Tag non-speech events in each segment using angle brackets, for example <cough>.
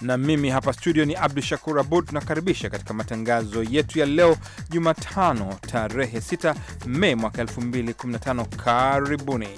na mimi hapa studio ni Abdu Shakur Abud. Tunakaribisha katika matangazo yetu ya leo Jumatano, tarehe 6 Mei mwaka 2015. Karibuni.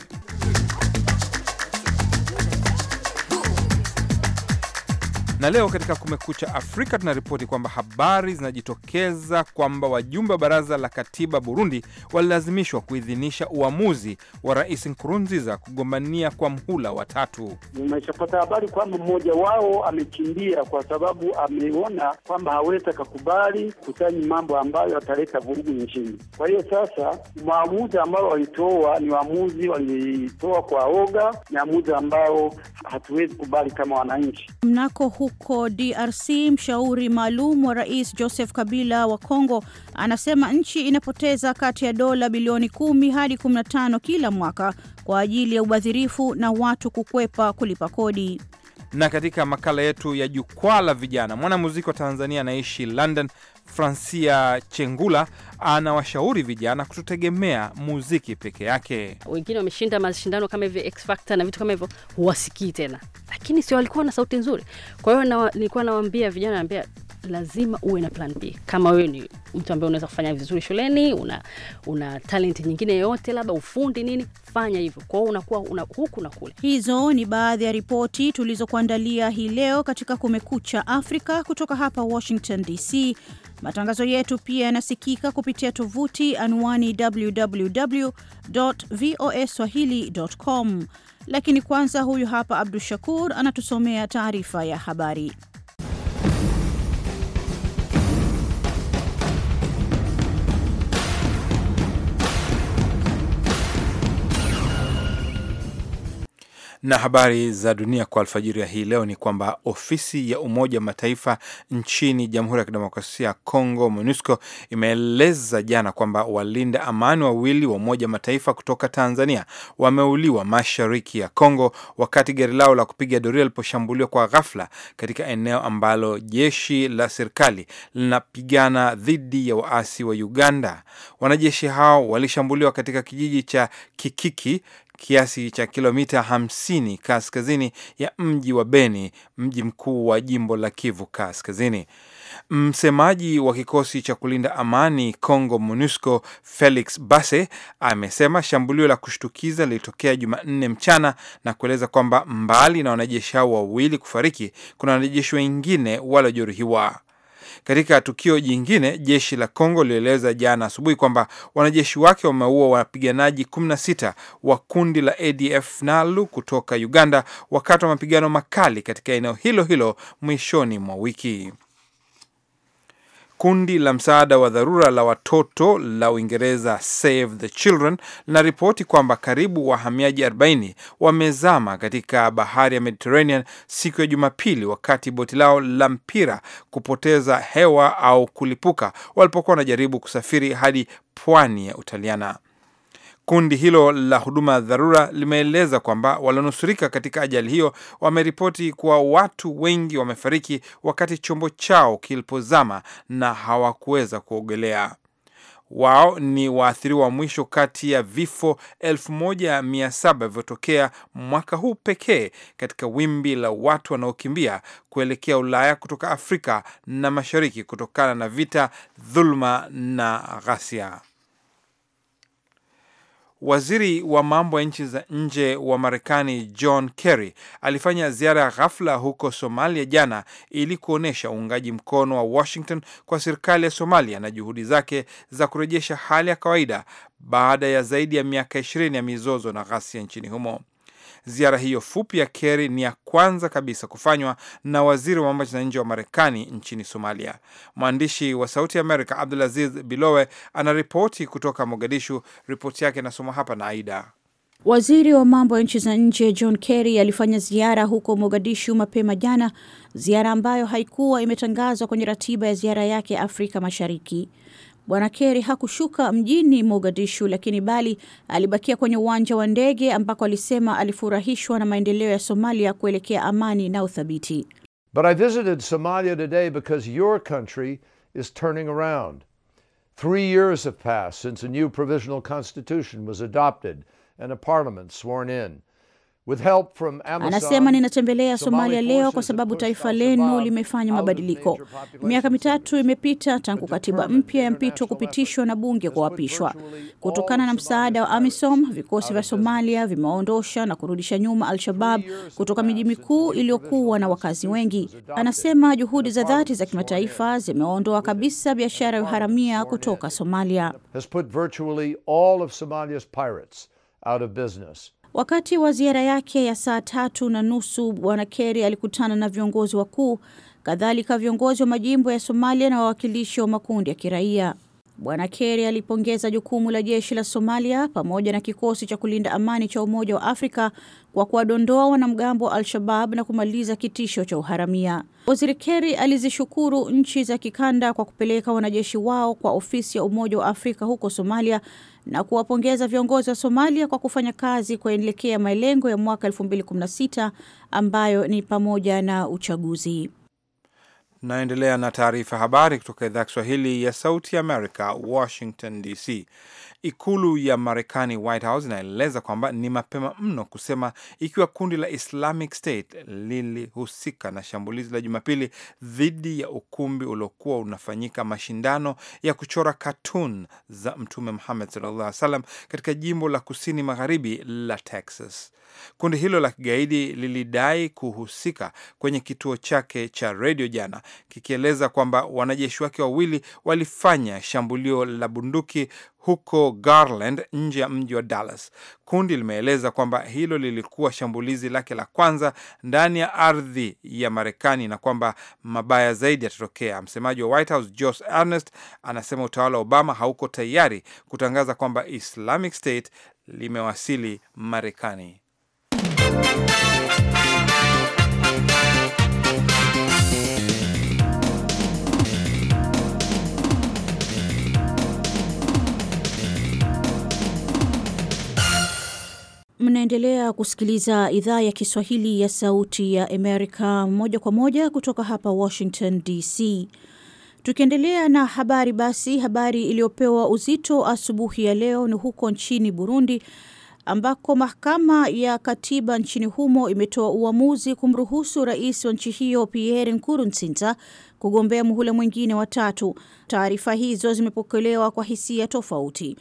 Na leo katika Kumekucha Afrika tunaripoti kwamba habari zinajitokeza kwamba wajumbe wa baraza la katiba Burundi walilazimishwa kuidhinisha uamuzi wa Rais Nkurunziza kugombania kwa mhula watatu. Umeshapata habari kwamba mmoja wao amekimbia kwa sababu ameona kwamba hawezi akakubali kusanyi mambo ambayo ataleta vurugu nchini. Kwa hiyo sasa maamuzi ambao walitoa ni waamuzi walitoa kwa oga, ni amuzi ambao hatuwezi kubali kama wananchi mnako huko DRC, mshauri maalum wa rais Joseph Kabila wa Kongo anasema nchi inapoteza kati ya dola bilioni kumi hadi 15 kila mwaka kwa ajili ya ubadhirifu na watu kukwepa kulipa kodi. Na katika makala yetu ya jukwaa la vijana, mwanamuziki wa Tanzania anaishi London Francia Chengula anawashauri vijana kutotegemea muziki peke yake. Wengine wameshinda mashindano kama hivyo X Factor na vitu kama hivyo, huwasikii tena, lakini sio walikuwa na sauti nzuri. Kwa hiyo nilikuwa nawaambia vijana, naambia lazima uwe na plan B. Kama wewe ni mtu ambaye unaweza kufanya vizuri shuleni, una, una talent nyingine yoyote, labda ufundi nini, fanya hivyo. Kwa unakuwa una, huku na kule. Hizo ni baadhi ya ripoti tulizokuandalia hii leo katika Kumekucha Afrika kutoka hapa Washington DC. Matangazo yetu pia yanasikika kupitia tovuti anwani www.voaswahili.com. Lakini kwanza, huyu hapa Abdu Shakur anatusomea taarifa ya habari. Na habari za dunia kwa alfajiri ya hii leo ni kwamba ofisi ya Umoja wa Mataifa nchini Jamhuri ya Kidemokrasia ya Kongo, MONUSCO, imeeleza jana kwamba walinda amani wawili wa Umoja wa Mataifa kutoka Tanzania wameuliwa mashariki ya Kongo wakati gari lao la kupiga doria liliposhambuliwa kwa ghafla katika eneo ambalo jeshi la serikali linapigana dhidi ya waasi wa Uganda. Wanajeshi hao walishambuliwa katika kijiji cha Kikiki kiasi cha kilomita 50 kaskazini ya mji wa Beni, mji mkuu wa jimbo la Kivu Kaskazini. Msemaji wa kikosi cha kulinda amani Congo MONUSCO Felix Basse amesema shambulio la kushtukiza lilitokea Jumanne mchana na kueleza kwamba mbali na wanajeshi hao wawili kufariki, kuna wanajeshi wengine waliojeruhiwa. Katika tukio jingine, jeshi la Kongo lilieleza jana asubuhi kwamba wanajeshi wake wameua wapiganaji 16 wa kundi la ADF NALU kutoka Uganda wakati wa mapigano makali katika eneo hilo hilo mwishoni mwa wiki. Kundi la msaada wa dharura la watoto la Uingereza Save the Children linaripoti kwamba karibu wahamiaji 40 wamezama katika bahari ya Mediterranean siku ya Jumapili wakati boti lao la mpira kupoteza hewa au kulipuka walipokuwa wanajaribu kusafiri hadi pwani ya Utaliana. Kundi hilo la huduma dharura limeeleza kwamba walionusurika katika ajali hiyo wameripoti kuwa watu wengi wamefariki wakati chombo chao kilipozama na hawakuweza kuogelea. Wao ni waathiriwa wa mwisho kati ya vifo 1700 vilivyotokea mwaka huu pekee katika wimbi la watu wanaokimbia kuelekea Ulaya kutoka Afrika na Mashariki kutokana na vita, dhuluma na ghasia. Waziri wa mambo ya nchi za nje wa Marekani John Kerry alifanya ziara ya ghafla huko Somalia jana ili kuonyesha uungaji mkono wa Washington kwa serikali ya Somalia na juhudi zake za kurejesha hali ya kawaida baada ya zaidi ya miaka ishirini ya mizozo na ghasia nchini humo. Ziara hiyo fupi ya Kerry ni ya kwanza kabisa kufanywa na waziri wa mambo ya nje wa Marekani nchini Somalia. Mwandishi wa Sauti ya Amerika Abdulaziz Bilowe anaripoti kutoka Mogadishu. Ripoti yake inasoma hapa na Aida. Waziri wa mambo ya nchi za nje John Kerry alifanya ziara huko Mogadishu mapema jana, ziara ambayo haikuwa imetangazwa kwenye ratiba ya ziara yake Afrika Mashariki. Bwana Kerry hakushuka mjini Mogadishu, lakini bali alibakia kwenye uwanja wa ndege ambako alisema alifurahishwa na maendeleo ya Somalia kuelekea amani na uthabiti. But I visited Somalia today because your country is turning around. Three years have passed since a new provisional constitution was adopted and a parliament sworn in. Anasema, ninatembelea Somalia leo kwa sababu taifa lenu limefanya mabadiliko. Miaka mitatu imepita tangu katiba mpya ya mpito kupitishwa na bunge kuapishwa. Kutokana na msaada wa AMISOM, vikosi vya Somalia vimewaondosha na kurudisha nyuma Al-Shabab kutoka miji mikuu iliyokuwa na wakazi wengi. Anasema juhudi za dhati za kimataifa zimewaondoa kabisa biashara ya uharamia kutoka Somalia. Wakati wa ziara yake ya saa tatu na nusu, Bwana Kerry alikutana na viongozi wakuu, kadhalika viongozi wa majimbo ya Somalia na wawakilishi wa makundi ya kiraia. Bwana Kerry alipongeza jukumu la jeshi la Somalia pamoja na kikosi cha kulinda amani cha Umoja wa Afrika kwa kuwadondoa wanamgambo wa Al-Shabab na kumaliza kitisho cha uharamia. Waziri Kerry alizishukuru nchi za kikanda kwa kupeleka wanajeshi wao kwa ofisi ya Umoja wa Afrika huko Somalia na kuwapongeza viongozi wa Somalia kwa kufanya kazi kuelekea malengo ya mwaka 2016 ambayo ni pamoja na uchaguzi. Naendelea na taarifa habari kutoka idhaa ya Kiswahili ya Sauti Amerika, Washington DC. Ikulu ya Marekani, White House, inaeleza kwamba ni mapema mno kusema ikiwa kundi la Islamic State lilihusika na shambulizi la Jumapili dhidi ya ukumbi uliokuwa unafanyika mashindano ya kuchora katun za Mtume Muhammad sallallahu alaihi wasallam katika jimbo la kusini magharibi la Texas. Kundi hilo la kigaidi lilidai kuhusika kwenye kituo chake cha redio jana, kikieleza kwamba wanajeshi wake wawili walifanya shambulio la bunduki huko Garland nje ya mji wa Dallas. Kundi limeeleza kwamba hilo lilikuwa shambulizi lake la kwanza ndani ya ardhi ya Marekani na kwamba mabaya zaidi yatatokea. Msemaji wa White House Josh Earnest anasema utawala wa Obama hauko tayari kutangaza kwamba Islamic State limewasili Marekani. Mnaendelea kusikiliza idhaa ya Kiswahili ya Sauti ya Amerika moja kwa moja kutoka hapa Washington DC. Tukiendelea na habari basi, habari iliyopewa uzito asubuhi ya leo ni huko nchini Burundi ambako mahakama ya katiba nchini humo imetoa uamuzi kumruhusu rais wa nchi hiyo Pierre Nkurunziza kugombea muhula mwingine wa tatu. Taarifa hizo zimepokelewa kwa hisia tofauti.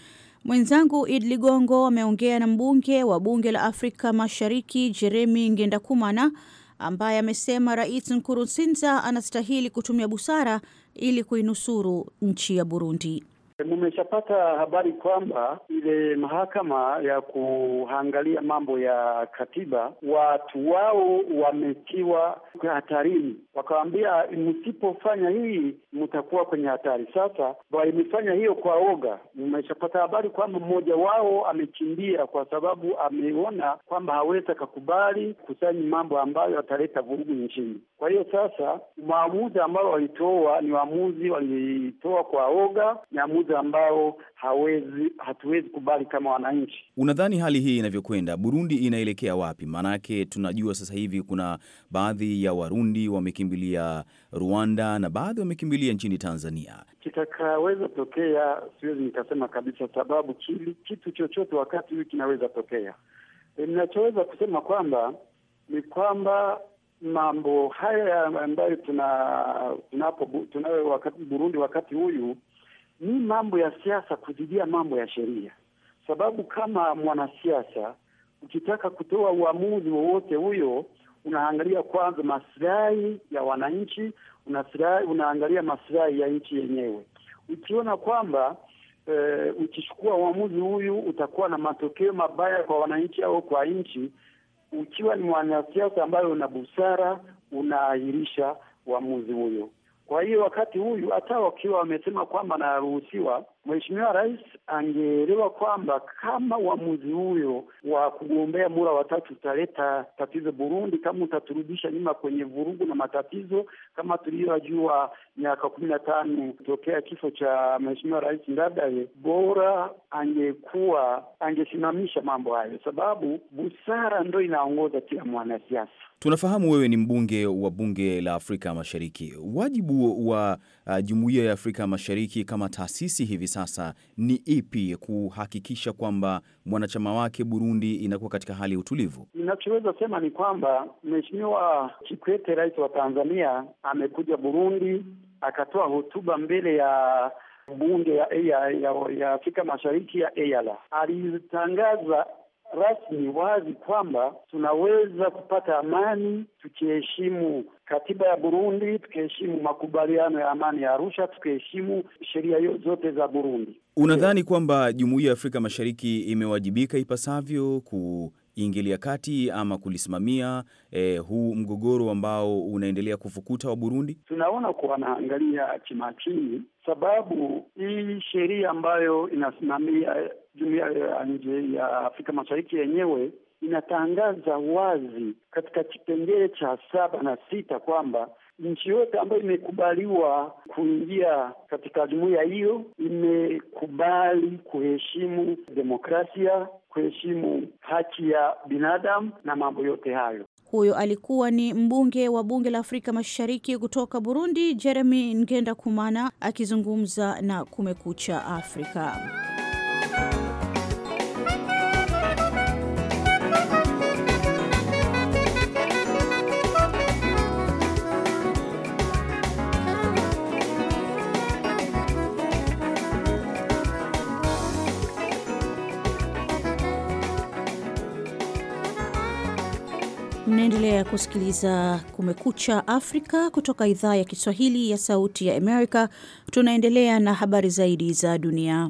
Mwenzangu Id Ligongo ameongea na mbunge wa bunge la Afrika Mashariki Jeremi Ngendakumana ambaye amesema Rais Nkurunziza anastahili kutumia busara ili kuinusuru nchi ya Burundi. Nimeshapata habari kwamba ile mahakama ya kuangalia mambo ya katiba watu wao wametiwa hatarini, wakawambia msipofanya hii mtakuwa kwenye hatari. Sasa wamefanya hiyo kwa oga. Nimeshapata habari kwamba mmoja wao amekimbia kwa sababu ameona kwamba hawezi akakubali kusanyi mambo ambayo ataleta vurugu nchini. Kwa hiyo sasa maamuzi ambayo walitoa ni waamuzi walitoa kwa oga uamuzi ambao hawezi hatuwezi kubali kama wananchi. Unadhani hali hii inavyokwenda, Burundi inaelekea wapi? Maanake tunajua sasa hivi kuna baadhi ya Warundi wamekimbilia Rwanda na baadhi wamekimbilia nchini Tanzania. Kitakaweza tokea siwezi nikasema kabisa, sababu kili, kitu chochote wakati huu kinaweza tokea. Ninachoweza kusema kwamba ni kwamba mambo haya ambayo tuna tunapo tunayo wakati Burundi wakati huyu ni mambo ya siasa kuzidia mambo ya sheria, sababu kama mwanasiasa ukitaka kutoa uamuzi wowote huyo unaangalia kwanza masilahi ya wananchi, unaangalia masilahi ya nchi yenyewe. Ukiona kwamba e, ukichukua uamuzi huyu utakuwa na matokeo mabaya kwa wananchi au kwa nchi, ukiwa ni mwanasiasa ambayo una busara, unaahirisha uamuzi huyo. Kwa hiyo wakati huyu hata wakiwa wamesema kwamba anaruhusiwa, Mheshimiwa Rais angeelewa kwamba kama uamuzi huyo wa kugombea mura watatu utaleta tatizo Burundi, kama utaturudisha nyuma kwenye vurugu na matatizo kama tuliyojua miaka kumi na tano kutokea kifo cha Mheshimiwa Rais Ndadaye, bora angekuwa angesimamisha mambo hayo, sababu busara ndo inaongoza kila mwanasiasa. Tunafahamu wewe ni mbunge wa bunge la Afrika Mashariki. Wajibu wa uh, jumuiya ya Afrika Mashariki kama taasisi hivi sasa ni ipi kuhakikisha kwamba mwanachama wake Burundi inakuwa katika hali ya utulivu? Ninachoweza sema ni kwamba Mheshimiwa Kikwete, rais wa Tanzania, amekuja Burundi akatoa hotuba mbele ya bunge ya, ya, ya, ya Afrika Mashariki ya EALA. Alitangaza rasmi wazi kwamba tunaweza kupata amani tukiheshimu katiba ya Burundi, tukiheshimu makubaliano ya amani ya Arusha, tukiheshimu sheria zote za Burundi. Unadhani kwamba Jumuiya ya Afrika Mashariki imewajibika ipasavyo kuingilia kati ama kulisimamia eh, huu mgogoro ambao unaendelea kufukuta wa Burundi. Tunaona kuwa wanaangalia chima sababu hii sheria ambayo inasimamia jumuiya ya nje ya Afrika Mashariki yenyewe inatangaza wazi katika kipengele cha saba na sita kwamba nchi yote ambayo imekubaliwa kuingia katika jumuiya hiyo imekubali kuheshimu demokrasia, kuheshimu haki ya binadamu na mambo yote hayo. Huyo alikuwa ni mbunge wa bunge la Afrika Mashariki kutoka Burundi, Jeremy Ngenda Kumana akizungumza na Kumekucha Afrika. Unaendelea kusikiliza Kumekucha Afrika kutoka idhaa ya Kiswahili ya Sauti ya Amerika. Tunaendelea na habari zaidi za dunia.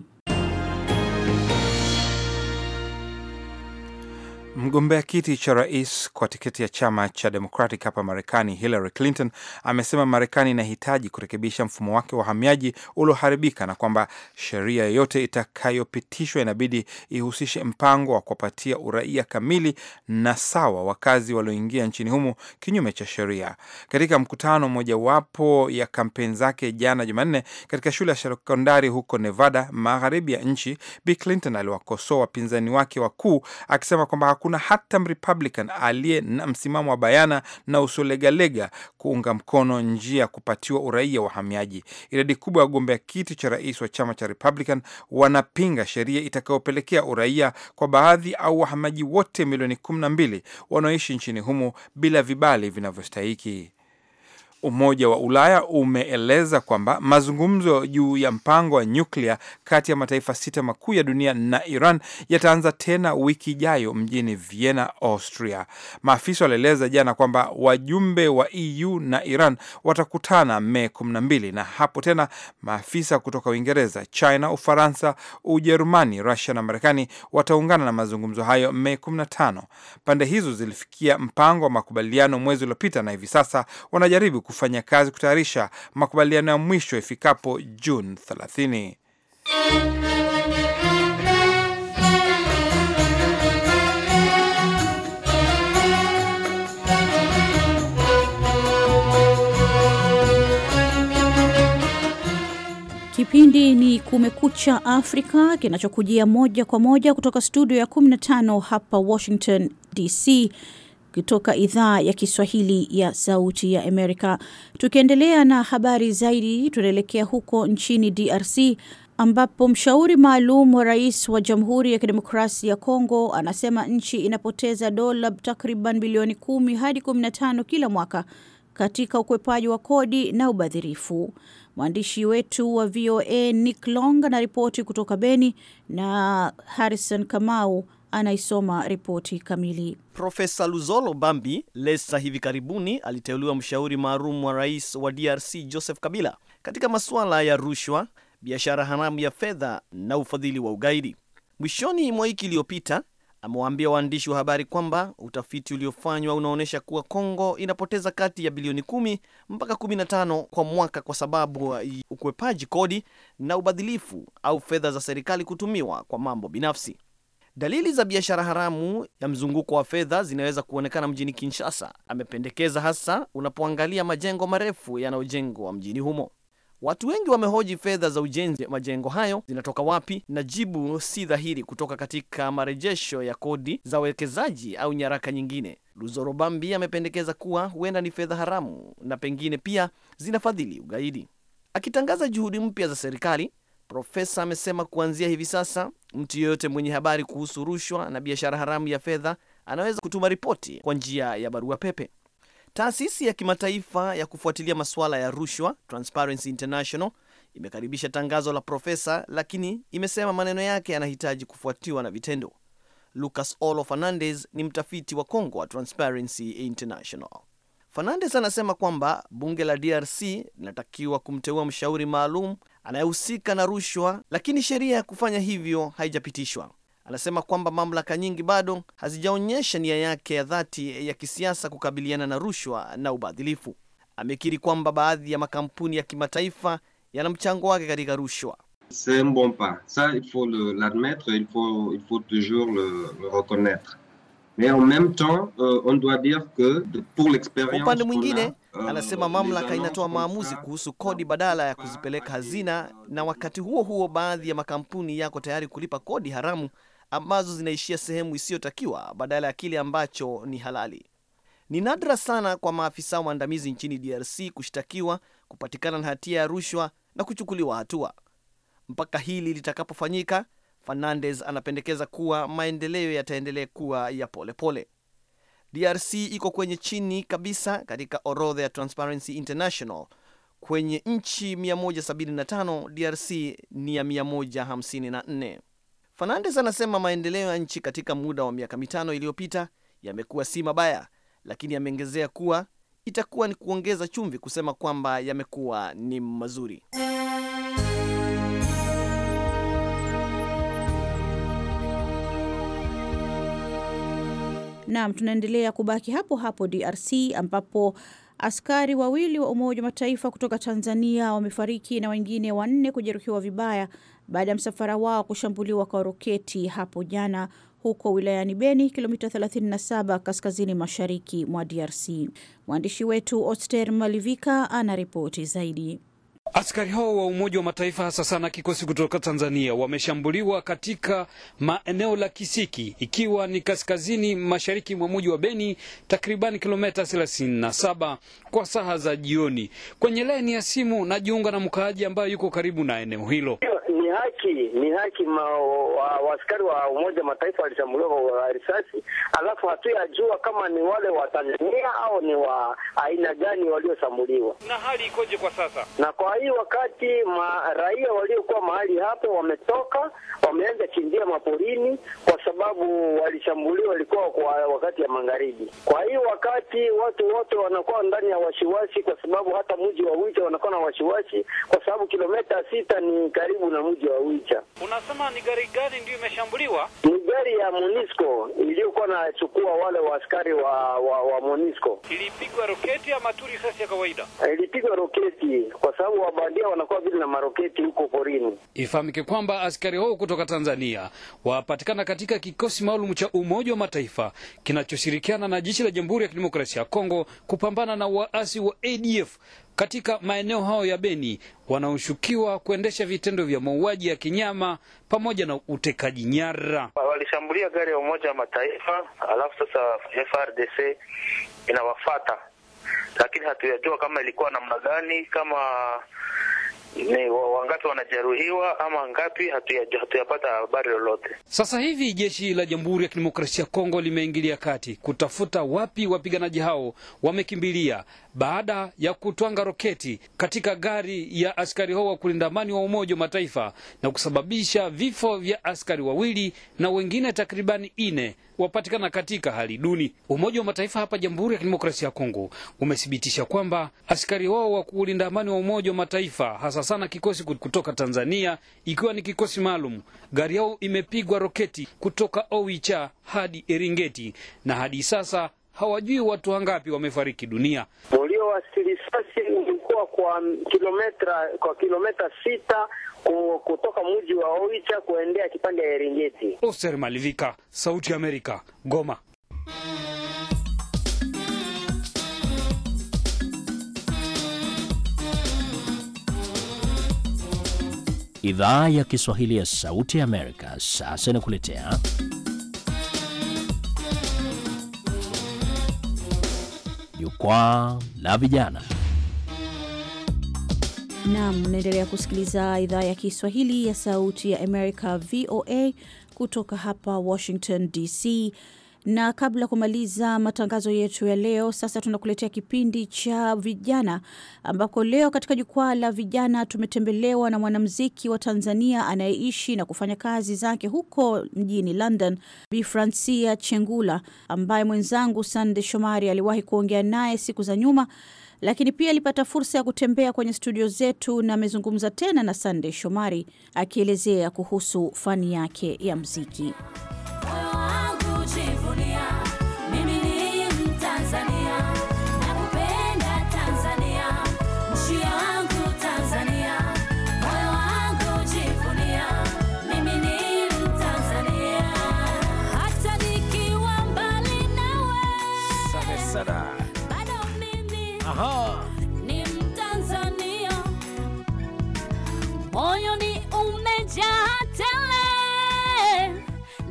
Mgombea kiti cha rais kwa tiketi ya chama cha Democratic hapa Marekani, Hillary Clinton amesema Marekani inahitaji kurekebisha mfumo wake wa uhamiaji ulioharibika na kwamba sheria yoyote itakayopitishwa inabidi ihusishe mpango wa kuwapatia uraia kamili na sawa wakazi walioingia nchini humo kinyume cha sheria. Katika mkutano mojawapo ya kampeni zake jana Jumanne katika shule ya sekondari huko Nevada, magharibi ya nchi, Bi Clinton aliwakosoa wapinzani wake wakuu akisema kwamba hakuna hakuna hata Mrepublican aliye na msimamo wa bayana na usolegalega kuunga mkono njia ya kupatiwa uraia wahamiaji. Idadi kubwa ya wagombea kiti cha rais wa chama cha Republican wanapinga sheria itakayopelekea uraia kwa baadhi au wahamiaji wote milioni kumi na mbili wanaoishi nchini humo bila vibali vinavyostahiki. Umoja wa Ulaya umeeleza kwamba mazungumzo juu ya mpango wa nyuklia kati ya mataifa sita makuu ya dunia na Iran yataanza tena wiki ijayo mjini Vienna, Austria. Maafisa walieleza jana kwamba wajumbe wa EU na Iran watakutana Mei 12 na hapo tena maafisa kutoka Uingereza, China, Ufaransa, Ujerumani, Rusia na Marekani wataungana na mazungumzo hayo Mei 15. Pande hizo zilifikia mpango wa makubaliano mwezi uliopita na hivi sasa wanajaribu kufanya kazi kutayarisha makubaliano ya mwisho ifikapo Juni 30. Kipindi ni Kumekucha Afrika kinachokujia moja kwa moja kutoka studio ya 15 hapa Washington DC kutoka idhaa ya Kiswahili ya Sauti ya Amerika. Tukiendelea na habari zaidi, tunaelekea huko nchini DRC ambapo mshauri maalum wa rais wa Jamhuri ya Kidemokrasia ya Kongo anasema nchi inapoteza dola takriban bilioni kumi hadi kumi na tano kila mwaka katika ukwepaji wa kodi na ubadhirifu. Mwandishi wetu wa VOA Nick Long anaripoti kutoka Beni na Harrison Kamau anaisoma ripoti kamili. Profesa Luzolo Bambi Lesa hivi karibuni aliteuliwa mshauri maalum wa rais wa DRC Joseph Kabila katika masuala ya rushwa, biashara haramu ya fedha na ufadhili wa ugaidi. Mwishoni mwa wiki iliyopita amewaambia waandishi wa habari kwamba utafiti uliofanywa unaonyesha kuwa Kongo inapoteza kati ya bilioni kumi mpaka 15 kwa mwaka kwa sababu ya ukwepaji kodi na ubadhilifu au fedha za serikali kutumiwa kwa mambo binafsi. Dalili za biashara haramu ya mzunguko wa fedha zinaweza kuonekana mjini Kinshasa, amependekeza, hasa unapoangalia majengo marefu yanayojengwa mjini humo. Watu wengi wamehoji fedha za ujenzi wa majengo hayo zinatoka wapi, na jibu si dhahiri kutoka katika marejesho ya kodi za wawekezaji au nyaraka nyingine. Luzorobambi amependekeza kuwa huenda ni fedha haramu na pengine pia zinafadhili ugaidi. Akitangaza juhudi mpya za serikali, Profesa amesema kuanzia hivi sasa mtu yeyote mwenye habari kuhusu rushwa na biashara haramu ya fedha anaweza kutuma ripoti kwa njia ya barua pepe. Taasisi ya kimataifa ya kufuatilia masuala ya rushwa Transparency International imekaribisha tangazo la profesa, lakini imesema maneno yake yanahitaji kufuatiwa na vitendo. Lucas Olo Fernandez ni mtafiti wa Kongo wa Transparency International. Fernandez anasema kwamba bunge la DRC linatakiwa kumteua mshauri maalum anayehusika na rushwa, lakini sheria ya kufanya hivyo haijapitishwa. Anasema kwamba mamlaka nyingi bado hazijaonyesha nia yake ya dhati ya kisiasa kukabiliana na rushwa na ubadhilifu. Amekiri kwamba baadhi ya makampuni ya kimataifa yana mchango wake katika rushwa. C'est un bon pas. Ça, il faut l'admettre, il faut, il faut toujours le, le reconnaître. Mais en même temps, euh, on doit dire que pour l'expérience upande mwingine uh, anasema mamlaka inatoa maamuzi kuhusu kodi badala ya kuzipeleka hazina, na wakati huo huo baadhi ya makampuni yako tayari kulipa kodi haramu ambazo zinaishia sehemu isiyotakiwa badala ya kile ambacho ni halali. Ni nadra sana kwa maafisa waandamizi nchini DRC kushtakiwa, kupatikana na hatia ya rushwa na kuchukuliwa hatua mpaka hili litakapofanyika. Fernandez anapendekeza kuwa maendeleo yataendelea kuwa ya polepole pole. DRC iko kwenye chini kabisa katika orodha ya Transparency International. Kwenye nchi 175 DRC ni ya 154. Fernandes anasema maendeleo ya nchi katika muda wa miaka mitano iliyopita yamekuwa si mabaya, lakini ameongezea kuwa itakuwa ni kuongeza chumvi kusema kwamba yamekuwa ni mazuri. Naam, tunaendelea kubaki hapo hapo DRC ambapo askari wawili wa Umoja wa Mataifa kutoka Tanzania wamefariki na wengine wanne kujeruhiwa vibaya baada ya msafara wao kushambuliwa kwa roketi hapo jana huko wilayani Beni, kilomita 37 kaskazini mashariki mwa DRC. Mwandishi wetu Oster Malivika ana ripoti zaidi. Askari hao wa Umoja wa Mataifa hasa sana kikosi kutoka Tanzania wameshambuliwa katika maeneo la Kisiki ikiwa ni kaskazini mashariki mwa mji wa Beni takriban kilomita 37 kwa saha za jioni. Kwenye laini ya simu najiunga na mkaaji ambaye yuko karibu na eneo hilo. Ni haki hakimu askari wa Umoja Mataifa walishambuliwa kwa risasi, alafu hatuyajua kama ni wale wa Tanzania au ni wa aina gani walioshambuliwa na hali ikoje kwa sasa. Na kwa hiyo wakati ma, raia waliokuwa mahali hapo wametoka, wameanza kimbia maporini kwa sababu walishambuliwa, walikuwa kwa wakati ya magharibi. Kwa hiyo wakati watu wote wanakuwa ndani ya wasiwasi, kwa sababu hata mji wa Wicha wanakuwa na wasiwasi, kwa sababu kilomita sita ni karibu na mji wa Wicha. Unasema ni gari gani ndio imeshambuliwa? Ni gari ya Monisco iliyokuwa nachukua wale waaskari wa, wa, wa Monisco. Ilipigwa roketi ama tu risasi ya kawaida? Ilipigwa roketi kwa sababu wabandia wanakuwa vile na maroketi huko porini. Ifahamike kwamba askari hao kutoka Tanzania wapatikana katika kikosi maalum cha Umoja wa Mataifa kinachoshirikiana na jeshi la Jamhuri ya Kidemokrasia ya Kongo kupambana na waasi wa ADF katika maeneo hayo ya Beni wanaoshukiwa kuendesha vitendo vya mauaji ya kinyama pamoja na utekaji nyara. Walishambulia gari ya Umoja wa Mataifa, alafu sasa FRDC inawafata, lakini hatuyajua kama ilikuwa namna gani, kama ni wangapi wanajeruhiwa ama wangapi hatuyapata habari lolote. Sasa hivi jeshi la Jamhuri ya Kidemokrasia ya Kongo limeingilia kati kutafuta wapi wapiganaji hao wamekimbilia baada ya kutwanga roketi katika gari ya askari hao wa kulinda amani wa Umoja wa Mataifa na kusababisha vifo vya askari wawili na wengine takribani nne wapatikana katika hali duni. Umoja wa Mataifa hapa Jamhuri ya Kidemokrasia ya Kongo umethibitisha kwamba askari wao wa kulinda amani wa Umoja wa Mataifa hasa sana kikosi kutoka Tanzania, ikiwa ni kikosi maalum, gari yao imepigwa roketi kutoka Oicha hadi Eringeti na hadi sasa hawajui watu wangapi wamefariki dunia. Waliowasili sasa imejengwa kwa kilometa kwa kilometa sita kutoka mji wa Oicha kuendea kipande ya Eringeti. Oster Malivika, Sauti ya Amerika, Goma. Idhaa ya Kiswahili ya Sauti ya Amerika sasa inakuletea jukwaa la vijana. Naam, mnaendelea kusikiliza idhaa ya Kiswahili ya Sauti ya Amerika, VOA, kutoka hapa Washington DC. Na kabla ya kumaliza matangazo yetu ya leo, sasa tunakuletea kipindi cha vijana, ambako leo katika jukwaa la vijana tumetembelewa na mwanamuziki wa Tanzania anayeishi na kufanya kazi zake huko mjini London, Bi Francia Chengula, ambaye mwenzangu Sande Shomari aliwahi kuongea naye siku za nyuma lakini pia alipata fursa ya kutembea kwenye studio zetu na amezungumza tena na Sandey Shomari akielezea kuhusu fani yake ya mziki.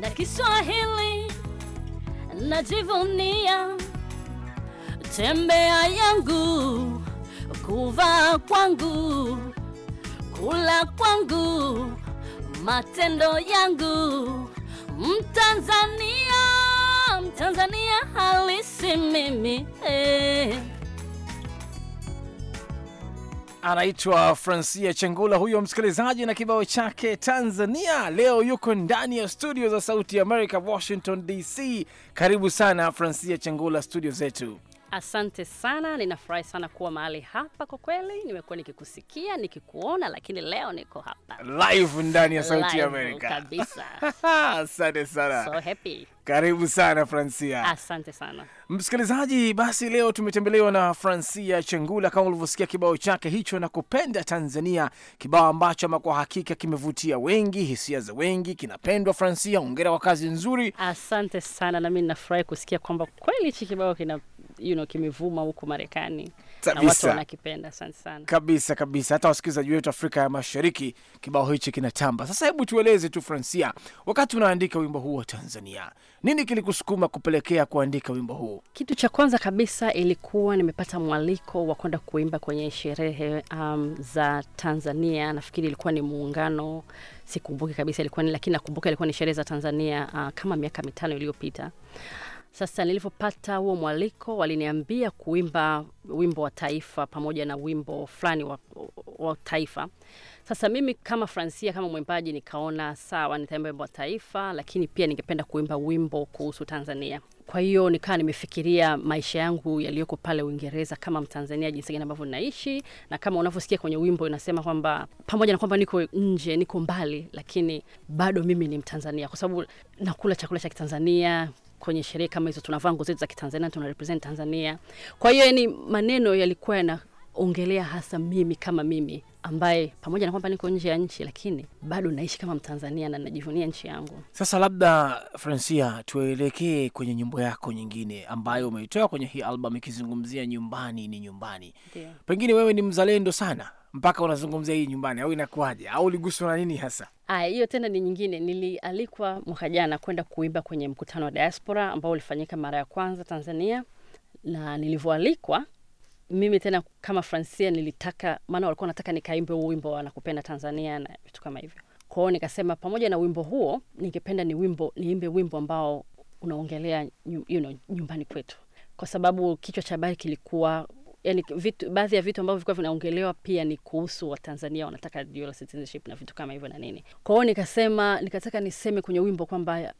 na Kiswahili najivunia, tembea yangu, kuvaa kwangu, kula kwangu, matendo yangu, Mtanzania, Mtanzania halisi mimi eh anaitwa Francia Chengula huyo msikilizaji, na kibao chake Tanzania. Leo yuko ndani ya studio za Sauti ya America, Washington DC. Karibu sana Francia Chengula studio zetu. Asante sana, ninafurahi sana kuwa mahali hapa. Kwa kweli nimekuwa nikikusikia nikikuona, lakini leo niko hapa live ndani ya Sauti ya kabisa. <laughs> Asante sana, so happy karibu sana Francia. Asante sana msikilizaji. Basi leo tumetembelewa na Francia Chengula kama ulivyosikia kibao chake hicho na kupenda Tanzania, kibao ambacho ama kwa hakika kimevutia wengi, hisia za wengi, kinapendwa. Francia, ongera kwa kazi nzuri. Asante sana, nami ninafurahi kusikia kwamba kweli hichi kibao kina you know, kimevuma huku Marekani wanakipenda sana, kabisa kabisa, hata wasikilizaji wetu Afrika ya Mashariki kibao hichi kinatamba. Sasa hebu tueleze tu, Francia, wakati unaandika wimbo huu wa Tanzania, nini kilikusukuma kupelekea kuandika wimbo huu? Kitu cha kwanza kabisa ilikuwa nimepata mwaliko wa kwenda kuimba kwenye sherehe um, za Tanzania. Nafikiri ilikuwa ni muungano, sikumbuki kabisa ilikuwa ni, lakini nakumbuka ilikuwa ni sherehe za Tanzania uh, kama miaka mitano iliyopita sasa nilivyopata huo mwaliko, waliniambia kuimba wimbo wa taifa pamoja na wimbo fulani wa, wa taifa. Sasa mimi kama Francia kama mwimbaji nikaona sawa, nitaimba wimbo wa taifa, lakini pia ningependa kuimba wimbo kuhusu Tanzania. Kwa hiyo nikawa nimefikiria maisha yangu yaliyoko pale Uingereza kama Mtanzania, jinsi gani ambavyo naishi, na kama unavyosikia kwenye wimbo inasema kwamba pamoja na kwamba niko nje, niko mbali, lakini bado mimi ni Mtanzania kwa sababu nakula chakula cha Kitanzania, kwenye sherehe kama hizo, tunavaa nguo zetu za Kitanzania, tuna represent Tanzania. Kwa hiyo yani maneno yalikuwa yanaongelea hasa mimi kama mimi ambaye pamoja na kwamba niko nje ya nchi lakini bado naishi kama Mtanzania na najivunia nchi yangu. Sasa labda Francia, tuelekee kwenye nyimbo yako nyingine ambayo umeitoa kwenye hii album ikizungumzia nyumbani ni nyumbani. Ndiyo. Pengine wewe ni mzalendo sana mpaka unazungumzia hii nyumbani, au inakuwaje? Au uliguswa na nini hasa? Aya, hiyo tena ni nyingine. Nilialikwa mwaka jana kwenda kuimba kwenye mkutano wa diaspora ambao ulifanyika mara ya kwanza Tanzania, na nilivyoalikwa mimi tena kama Francia nilitaka, maana walikuwa nataka nikaimbe huu wimbo wanakupenda Tanzania na vitu kama hivyo. Kwa nikasema pamoja na wimbo huo ningependa ni wimbo niimbe wimbo ambao unaongelea you know, nyumbani kwetu, kwa sababu kichwa cha habari kilikuwa yani vitu baadhi ya vitu ambavyo vilikuwa vinaongelewa pia ni kuhusu Watanzania wanataka dual citizenship na vitu kama hivyo na nini. Kwa hiyo nikasema, nikataka niseme kwenye wimbo kwamba eh,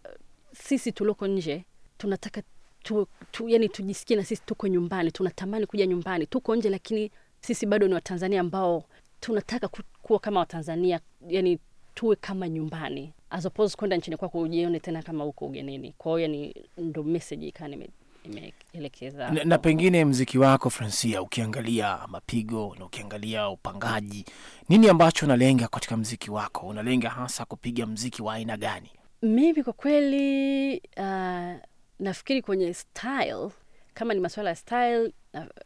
sisi tulioko nje tunataka tu, tu, yani tujisikie na sisi tuko nyumbani, tunatamani kuja nyumbani. Tuko nje lakini sisi bado ni Watanzania ambao tunataka kuwa kama Watanzania, yani tuwe kama nyumbani as opposed kwenda nchini kwako ujione tena kama uko ugenini. Kwa hiyo yani ndo message ikaa imeelekeza na, na pengine mziki wako Francia, ukiangalia mapigo na ukiangalia upangaji, nini ambacho unalenga katika mziki wako? Unalenga hasa kupiga mziki wa aina gani? Mimi kwa kweli uh, nafikiri kwenye style, kama ni masuala ya style,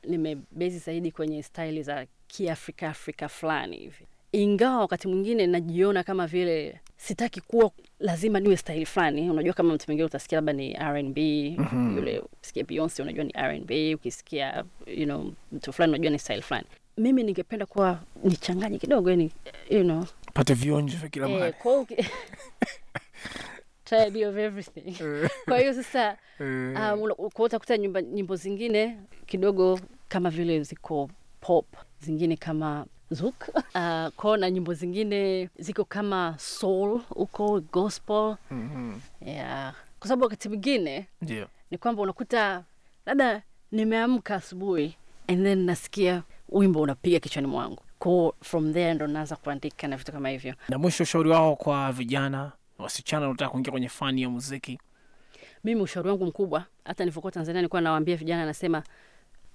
nimebezi zaidi kwenye style za kiafrika afrika fulani hivi ingawa wakati mwingine najiona kama vile sitaki kuwa lazima niwe stahili fulani. Unajua, kama mtu mwingine utasikia labda ni RnB mm -hmm. Yule ukisikia Beyonce unajua ni RnB, ukisikia you know, mtu fulani unajua ni stahili fulani. Mimi ningependa kuwa nichanganye kidogo, yani you know, pate vionjo vya kila eh, mahali eh, <laughs> try of everything eh. kwa hiyo sasa, eh. um, kwa utakuta nyimbo zingine kidogo kama vile ziko pop, zingine kama zuk Uh, <laughs> ah, ko na nyimbo zingine ziko kama soul huko gospel mm -hmm. yeah. Kwa sababu wakati mwingine yeah. ni kwamba unakuta labda nimeamka asubuhi and then nasikia wimbo unapiga kichwani mwangu ko from there ndo naanza kuandika na vitu kama hivyo. Na mwisho, ushauri wao kwa vijana wasichana wanaotaka kuingia kwenye fani ya muziki? Mimi ushauri wangu mkubwa, hata nilivyokuwa Tanzania nilikuwa nawaambia vijana, nasema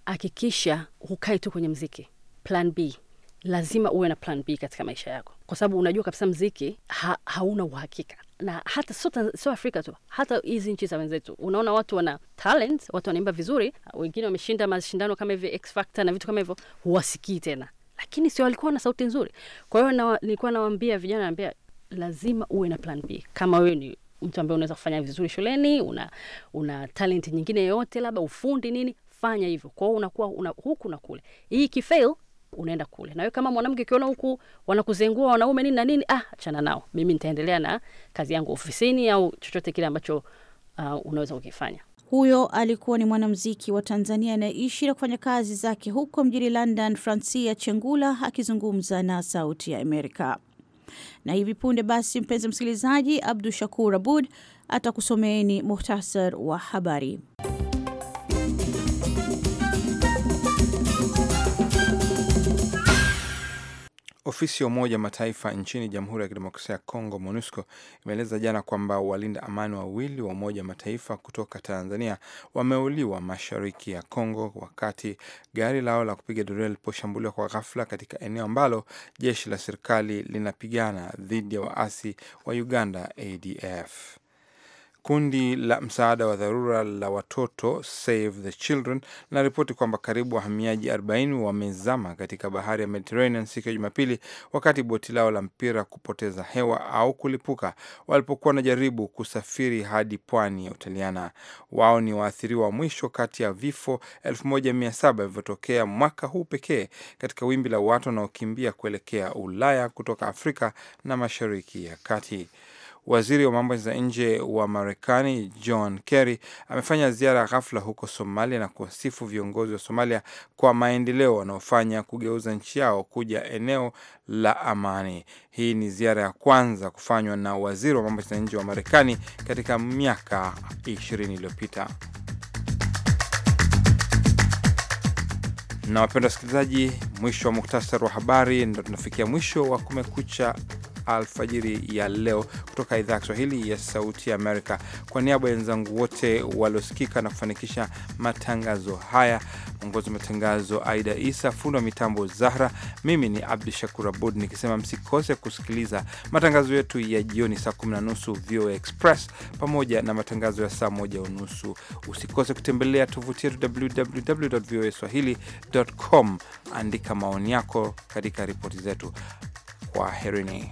hakikisha hukai tu kwenye mziki, plan B lazima uwe na plan B katika maisha yako, kwa sababu unajua kabisa mziki ha, hauna uhakika na hata sio so Afrika tu, hata hizi nchi za wenzetu, unaona watu wana talent, watu wanaimba vizuri, wengine wameshinda mashindano kama hivyo X Factor na vitu kama hivyo, huwasikii tena, lakini sio walikuwa na sauti nzuri. Kwa hiyo nilikuwa nawambia vijana, naambia lazima uwe na plan B kama wewe ni mtu ambaye unaweza kufanya vizuri shuleni, una, una talent nyingine yoyote, labda ufundi nini, fanya hivyo. kwao hiyo unakuwa una, huku na kule, hii kifail unaenda kule. Na wewe kama mwanamke ukiona huku wanakuzengua wanaume nini na nini, ah, achana nao. Mimi nitaendelea na kazi yangu ofisini au chochote kile ambacho uh, unaweza kukifanya. Huyo alikuwa ni mwanamziki wa Tanzania anayeishi na kufanya kazi zake huko mjini London, Francia Chengula akizungumza na Sauti ya Amerika. Na hivi punde basi, mpenzi msikilizaji, Abdu Shakur Abud atakusomeeni muhtasar wa habari. Ofisi ya Umoja Mataifa nchini Jamhuri ya Kidemokrasia ya Kongo, MONUSCO, imeeleza jana kwamba walinda amani wawili wa Umoja Mataifa kutoka Tanzania wameuliwa mashariki ya Kongo wakati gari lao la kupiga doria liliposhambuliwa kwa ghafla katika eneo ambalo jeshi la serikali linapigana dhidi ya waasi wa Uganda, ADF. Kundi la msaada wa dharura la watoto Save the Children linaripoti kwamba karibu wahamiaji 40 wamezama katika bahari ya Mediterranean siku ya Jumapili wakati boti lao la mpira kupoteza hewa au kulipuka walipokuwa wanajaribu kusafiri hadi pwani ya Utaliana. Wao ni waathiriwa wa mwisho kati ya vifo 1700 vilivyotokea mwaka huu pekee katika wimbi la watu wanaokimbia kuelekea Ulaya kutoka Afrika na Mashariki ya Kati. Waziri wa mambo za nje wa Marekani John Kerry amefanya ziara ya ghafla huko Somalia na kuwasifu viongozi wa Somalia kwa maendeleo wanaofanya kugeuza nchi yao kuja eneo la amani. Hii ni ziara ya kwanza kufanywa na waziri wa mambo za nje wa Marekani katika miaka ishirini iliyopita. Na wapenda wasikilizaji, mwisho wa muktasari wa habari, ndo tunafikia mwisho wa Kumekucha alfajiri ya leo kutoka idhaa ya Kiswahili ya Sauti Amerika. Kwa niaba ya wenzangu wote waliosikika na kufanikisha matangazo haya, mwongozi wa matangazo Aida Isa, fundi wa mitambo Zahra, mimi ni Abdu Shakur Abud nikisema msikose kusikiliza matangazo yetu ya jioni saa kumi na nusu VOA Express pamoja na matangazo ya saa moja unusu. Usikose kutembelea tovuti yetu www voa swahili.com. Andika maoni yako katika ripoti zetu. Kwaherini.